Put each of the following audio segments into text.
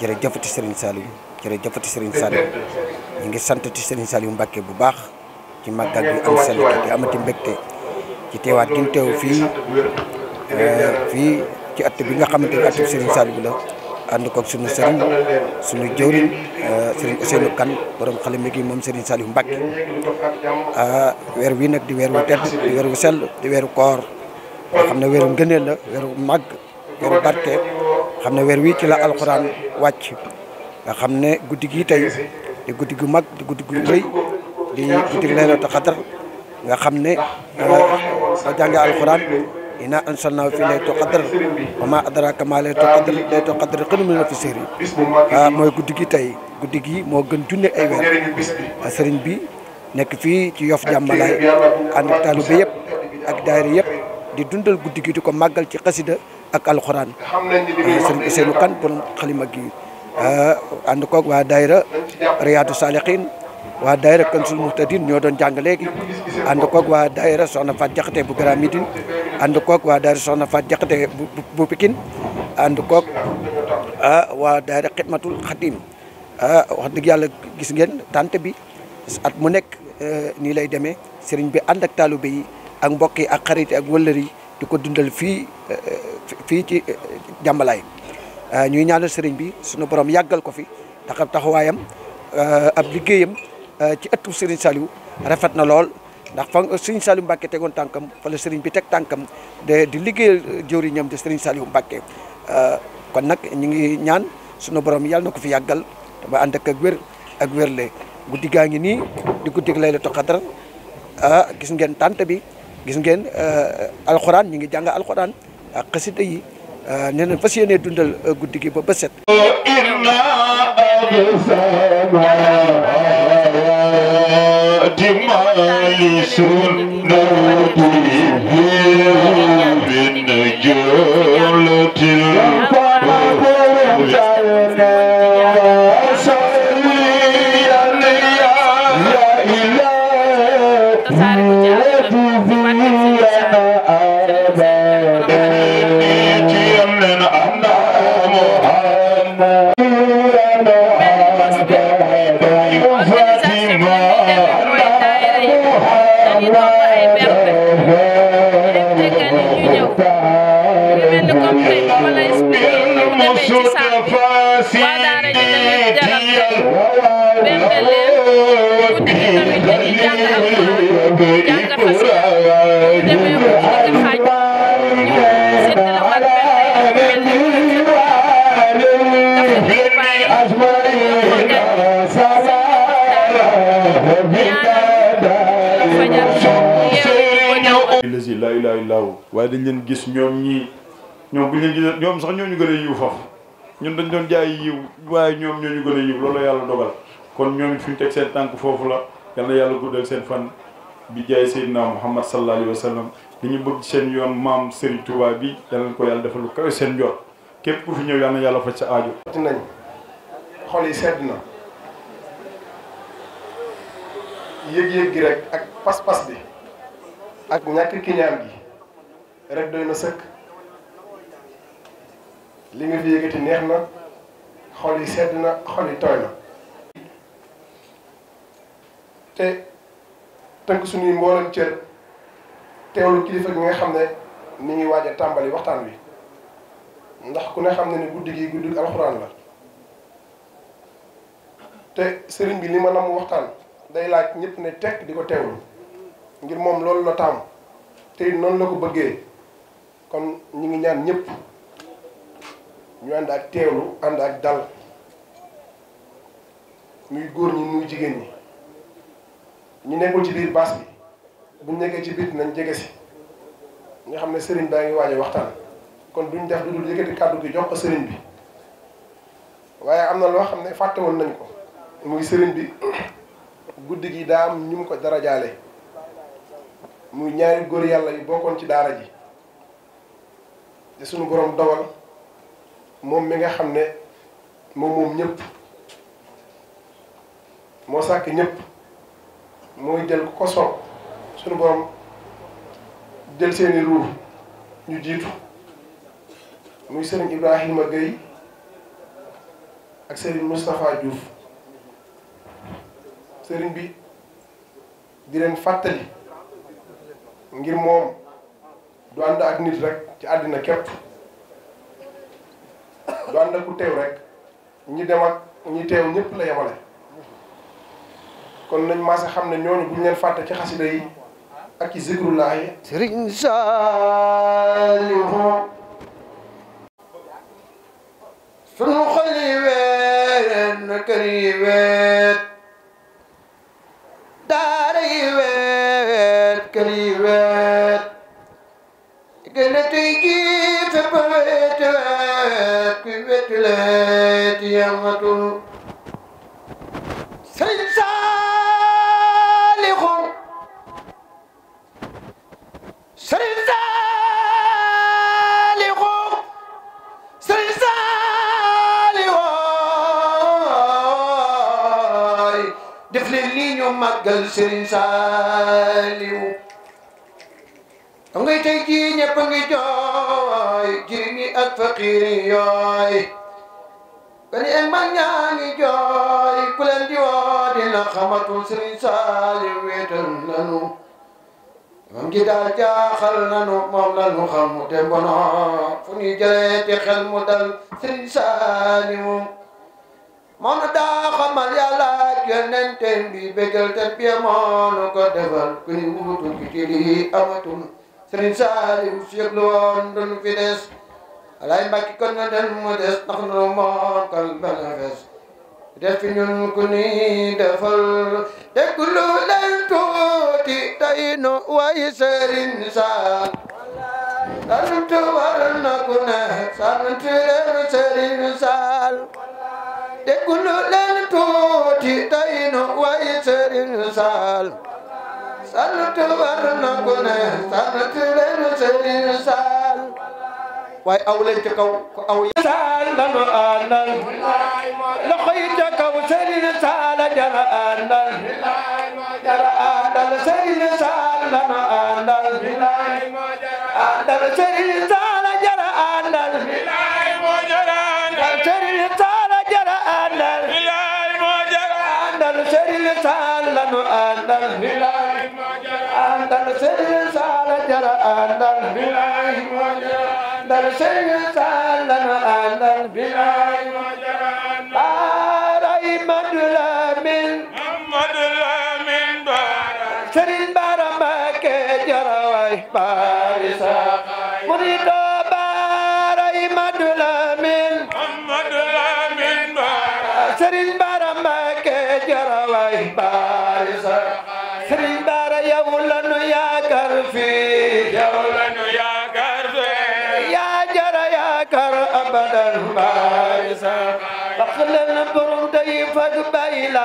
jërëjëfati Serigne Saliou jërëjëfati Serigne Saliou ñu ngi santati Serigne Saliou mbake bu baax ci màggal bi am sell di amati mbégte ci teewaat gi ñu teew fii euh, fii ci att bi nga xamante ni attu Serigne Saliou la ànd koog sunu Serigne sunu jëwriñ euh, Serigne Ousseynou Kane borom xale mi gi moom Serigne Saliou Mbacke euh, weer wi nag di weer wu tedd di weer wu sell di weeru koor nga xam ne weeru ngëneel la weeru màgg barke. xam ne weer wi ci la alxuraan wàcc nga xam ne guddi gi tey di guddi gu mag di guddi gu rëy di guddi laylatu xadar nga xam ne soo ah, jàngee alxuraan inaa ansalnaahu fii laylatul ah, guddi gi tey guddi gi moo gën junne ay weer ah, bi nekk fii ci Yoff Jàmmalaay ànd ak yëpp di dundal guddi gi di ko màggal ci xasida ak alxuraan sëriñ Ousseynou Kane borom xalima gi eh, ànd koog waa daayira Riyaadu Saalixiin waa daayira Kansul Muhtadin ñoo doon jàng léegi ànd koog waa daayira Soxna Faat Jaxate bu Grand Médine ànd koog waa daayira Soxna Faat Jaxate bu Pikine ànd koog eh, waa daayira Xidmatul Xadim eh, wax dëgg yàlla gis ngeen tante bi at mu nekk nii lay demee sëriñ bi ànd ak taalibe yi ak mbokk yi ak xarit ak wëllër di ko dundal fii eh, fii ci eh, jàmbalaay eh, ñuy ñaanal sëriñ bi sunu borom yàggal ko fi ndax ab taxawaayam ab liggéeyam ci ëttu sëriñ Saliou rafet na lool ndax fa sëriñ Saliou Mbacke tegoon tànkam fa sëriñ bi teg tànkam de di liggéeyal jëwriñam di sëriñ Saliou Mbacke kon nag ñu ngi ñaan sunu borom yàll na ko fi yàggal te ba ànd ak ak wér ak wérle guddi gaa ngi nii di guddi laylatul qadr ah gis ngeen tànt bi. gis ngeen euh, alxuraan ñu ngi jàng alxuraan ak xasida yi euh, nee na fas yéene dundal euh, guddi gi ba ba set. Mustafa Sidi Tiyal lasi laa ilaaha illaa waaye dañ leen gis ñoom ñi ñoom bu ñu ñoom sax ñooñu gën a yiw foofu ñun dañ doon jaay yiw waaye ñoom ñooñu gën a yiw loolu yàlla dogal kon ñoom it fi ñu teg seen tànk foofu la yal na yàlla guddal seen fan bi jaay Seydina Muhammad sallallahu alayhi wa li ñu bëgg seen yoon maam Serigne Touba bi yal na ko yàlla defal kawe seen jot képp ku fi ñëw yal yàlla faj sa aajo nañ xol yi sedd na yëg-yëg gi rek ak pas-pas bi ak ñàkk kiñaan gi rek doy na sëkk li nga fi yëgati neex na xol yi sedd na xol yi tooy na te tënk suñuy mboolem cër teewlu kilifa gi nga xam ne ni ngi waaj tàmbali waxtaan wi ndax ku ne xam ne ni guddi gi guddi alxuraan la te sëriñ bi li ma nam waxtaan day laaj ñëpp ne tekk di ko teewlu ngir moom loolu la taamu te noonu la ko bëggee kon ñu ngi ñaan ñëpp ñu ànd ak teewlu ànd ak dal muy góor ñi muy jigéen ñi ñu nekkul ci biir baas bi buñ nekkee ci biir nañ jege si nga xam ne sëriñ baa ngi waaje waxtaan kon duñ def du dul di kàddu gi jox ko sëriñ bi waaye am na loo xam ne fàtte woon nañ ko muy sëriñ bi guddi gi daa am ñu mu ko darajaale muy ñaari góor yàlla yu bokkoon ci daara ji te suñu boroom dogal moom mi nga xam ne moom moom ñëpp moo sàkk ñépp mooy jël ko soob suñu boroom jël seeni ruur ñu jiitu muy sëriñ Ibrahima Gueye ak sëriñ Moustapha Diouf sëriñ bi di leen fàttali ngir moom du ànd ak nit rek ci àddina képp du ànd ak ku teew rek ñi dem ñi teew ñëpp la yemale kon nañ maase xam ne ñooñu buñ leen fàtte ci xasida yi ak ci zikrullah yi sëriñ Saalihu sunu xol yi weet na kër yi weet كلي وات قلتي جيف بيتات كي بيتلات يا مطول سيد صالح سيد صالح سيد صالح دفل اللي يوم مقل سيد صالح xam ngay tey jii ñëpp a ngi jooy jiriñi ak faqiiri yooy gani eg mag ñaa ngi jooy ku leen di woo dina xamatul Sëriñ Saaliw wéetal nanu moom ji daal jaaxal nanu moom la nu xam te mbono fu ñuy jëlee te xel mu dal Sëriñ Saaliw moom na daa xamal yàlla yonent bi bégal te bi moonu ko defal ku ni wutul ki ci lii amatul sëriñ Saaliw su lu woon duñ fi des alaay kon na den mu des ndax nu moom kal bana fees def ñun ku ni defal dégg lu leen tuuti tey nu way sëriñ Saal sant ku lu leen tuuti tey nu way sëriñ Saal santu war na ko ne sant leen Serigne Sall waaye aw leen ca kaw ko aw ya Sall lanu àndal loxo yi ca kaw Serigne Sall jara àndal jara àndal Serigne Sall lanu àndal àndal Serigne Sall jara àndal Serigne Sall jara àndal àndal Serigne Sall lanu àndal andal bara imadul amin amadul amin bara Serigne bara make jara way barisa murido bara imadul amin bara Serigne bara make jara way barisa yow la nu yaakaar fii yow la nu yaakaar fii yaa jara yaakaar abadan baay sa wax leen borom day fag bàyyi la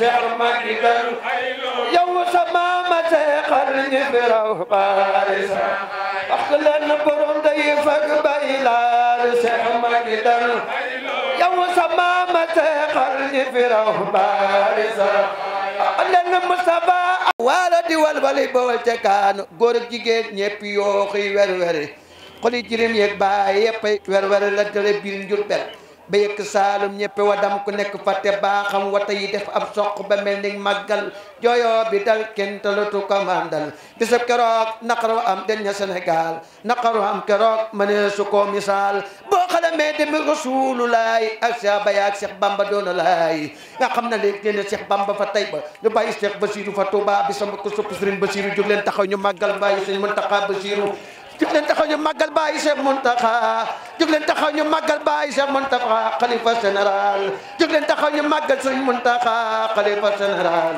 Cheikh Madi Kan yow sa maama seexal ñi firaw baay sa wax leen borom day fag bàyyi la Cheikh Madi Kan yow sa maama seexal ñi firaw baay sa len Mustafa waala di wal bali bawal ca kaanu góor ak jigéen ñépp yooxi wer jirim yeeg baay yépp wer la tele biir njur pet ba yëkk saalum ñëpp wa dam ku nekk fàtte wa wata yi def ab soq ba mel ni màggal jooyoo bi dal kenn talatu ko mandal bisab keroog naqaru am den ña Sénégal naqaru am keroog mënee su ko misaal boo xalamee demi rasulullaay ak sa bayaag Cheikh Bamba doona laay nga xam na léegi génne Cheikh Bamba fa tey ba ñu bàyyi seex Basiru fa Touba bi sama ko sopp Sëriñ Basiru jóg leen taxaw ñu màggal bàyyi Sëriñ Muntaxa Basiru jóg leen taxaw ñu màggal Baay Cheikh Mountakha jóg leen taxaw ñu màggal Baay Cheikh Mountakha xalifa général jóg leen taxaw ñu màggal Sëriñ Mountakha xalifa général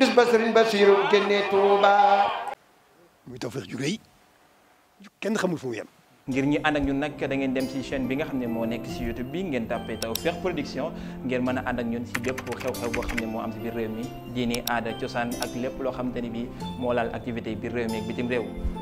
bis ba Sëriñ Basiru génnee Tuuba muy Tawfekh ju rëy kenn xamul fu mu ngir ñi ànd ak ñun nag da ngeen dem ci chaîne bi nga xam ne moo nekk ci YouTube bi ngeen tàppee Tawfekh Production ngeen mën a ànd ak ñun ci bépp xew-xew boo xam ne moo am ci mi diini aada cosaan lépp loo xamante ni bi moo laal activité biir réew mi ak bitim réew